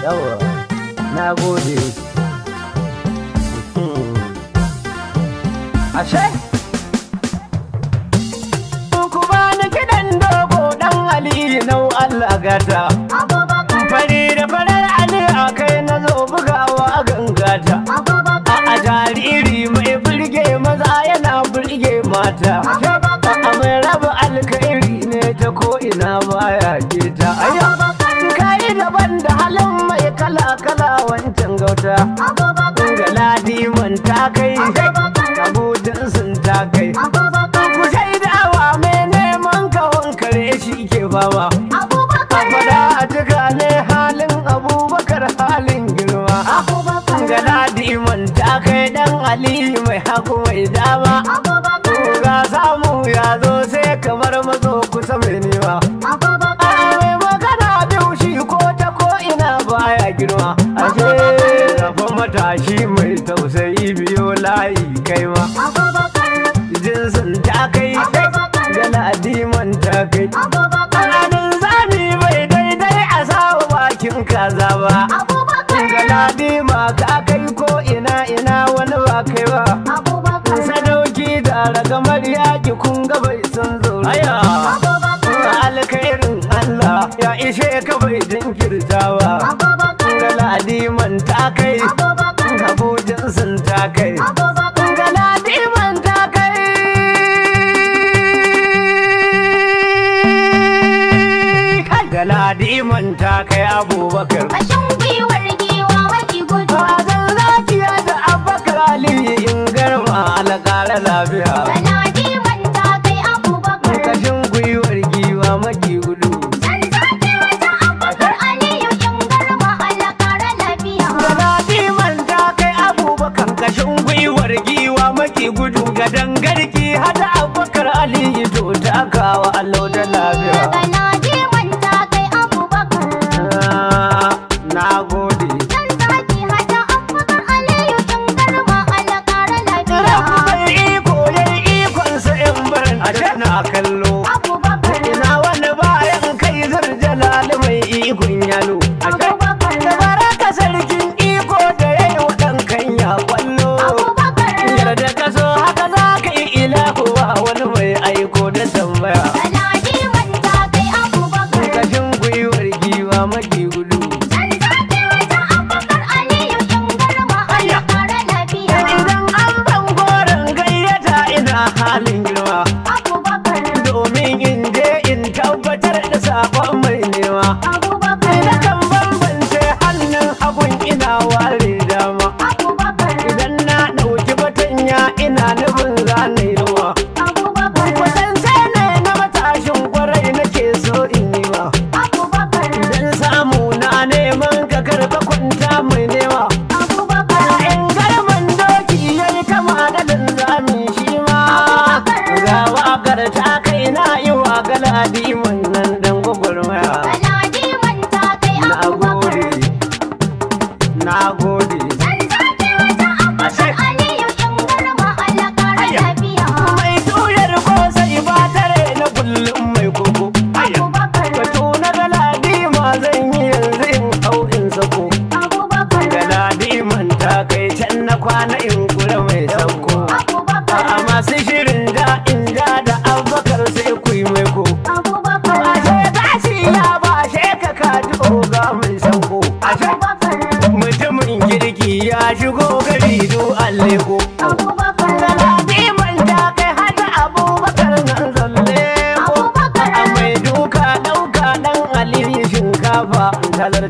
Yawa, na gode. Hmm. Ashe! Ku bani kiɗan dogo ɗan Aliyu nau Allah gata. Fari da farar Ali a kai na zo bugawa a gangata. A jariri mai burge maza yana burge mata. You. arewa sadauki da ragamar yaki kun ga bai san zuru alkhairin Allah ya ishe ka bai jinkirtawa ga man ta kai abujan sun ta kai ga ladiman ta kai ga man ta kai abubakar you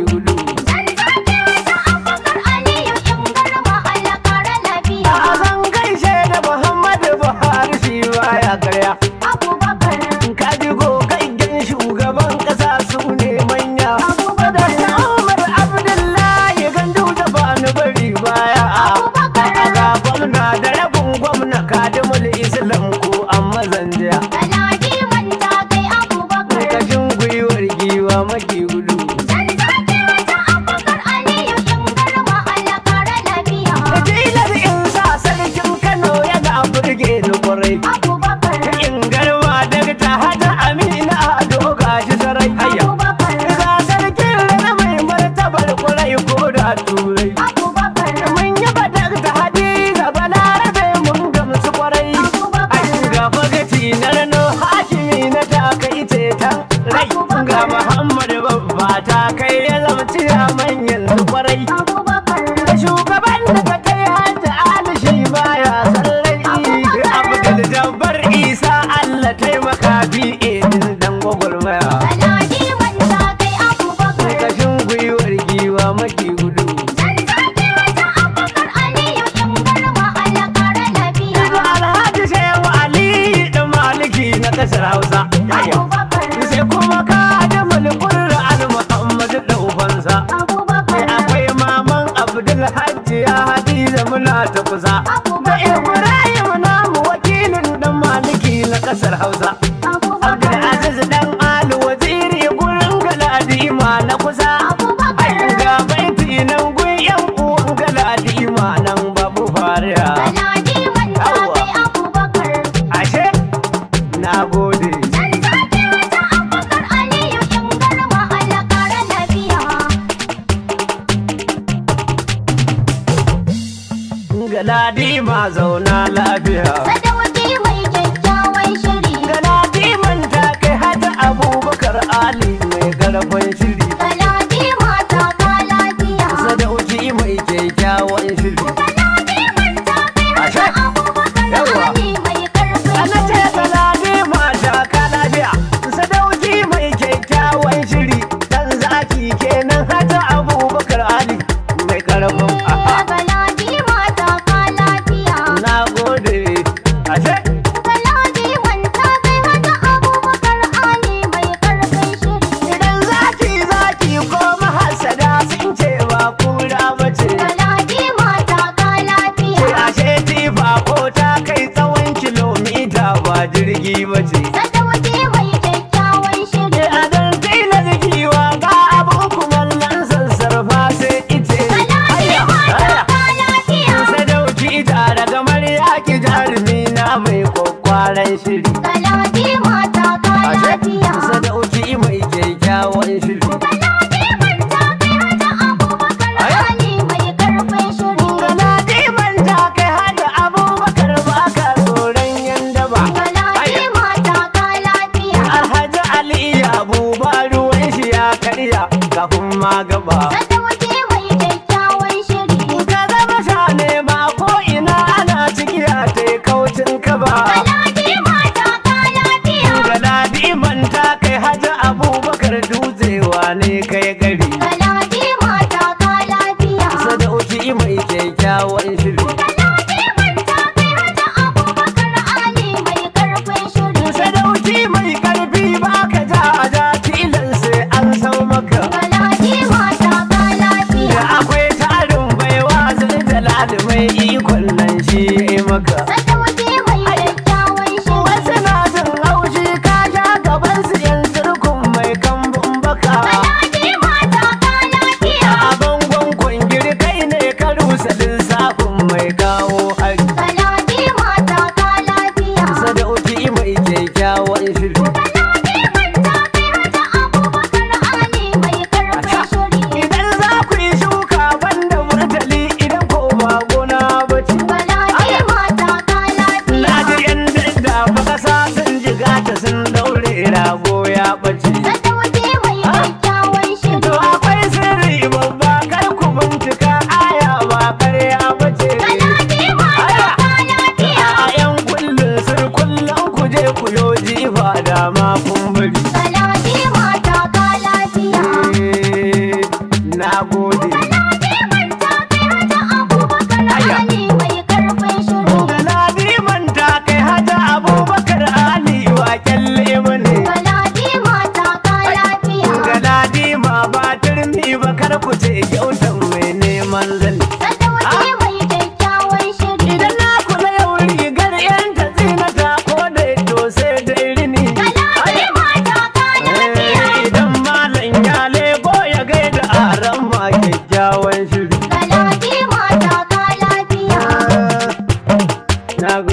barulho. Muhammad babba ta kai ya a manyan kwarai. Da shugaban ta kai shi baya sallari. Abdul Jabbar Isa Allah taimaka bi edin dan gwagwarmaya. Kashin gwiwar giwa maki gudu. Alhaji Shehu Ali da Maliki na ƙasar Hausa. ba zauna oh, rago ya ɓace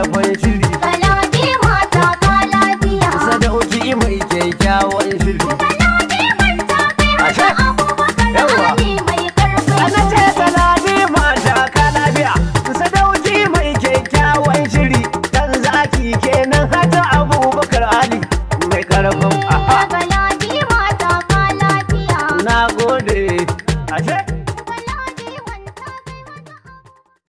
era bonitinho